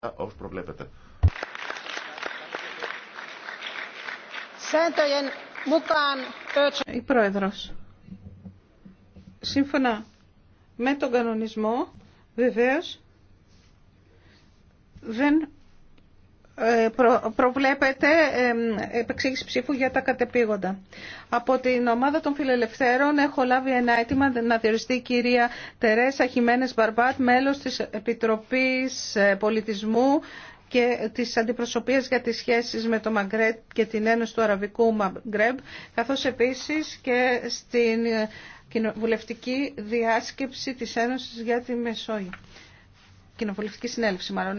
όπως προβλέπετε. Η Πρόεδρος. Σύμφωνα με τον κανονισμό, βεβαίως, δεν ε, προβλέπεται επεξήγηση ψήφου για τα κατεπήγοντα. Από την ομάδα των φιλελευθέρων έχω λάβει ένα αίτημα να διοριστεί η κυρία Τερέσα Χιμένες Μπαρμπάτ, μέλος της Επιτροπής ε, Πολιτισμού και της αντιπροσωπείας για τις σχέσεις με το Μαγκρέτ και την Ένωση του Αραβικού Μαγκρέμπ, καθώς επίσης και στην ε, κοινοβουλευτική διάσκεψη της Ένωσης για τη Μεσόγειο. Κοινοβουλευτική συνέλευση μάλλον.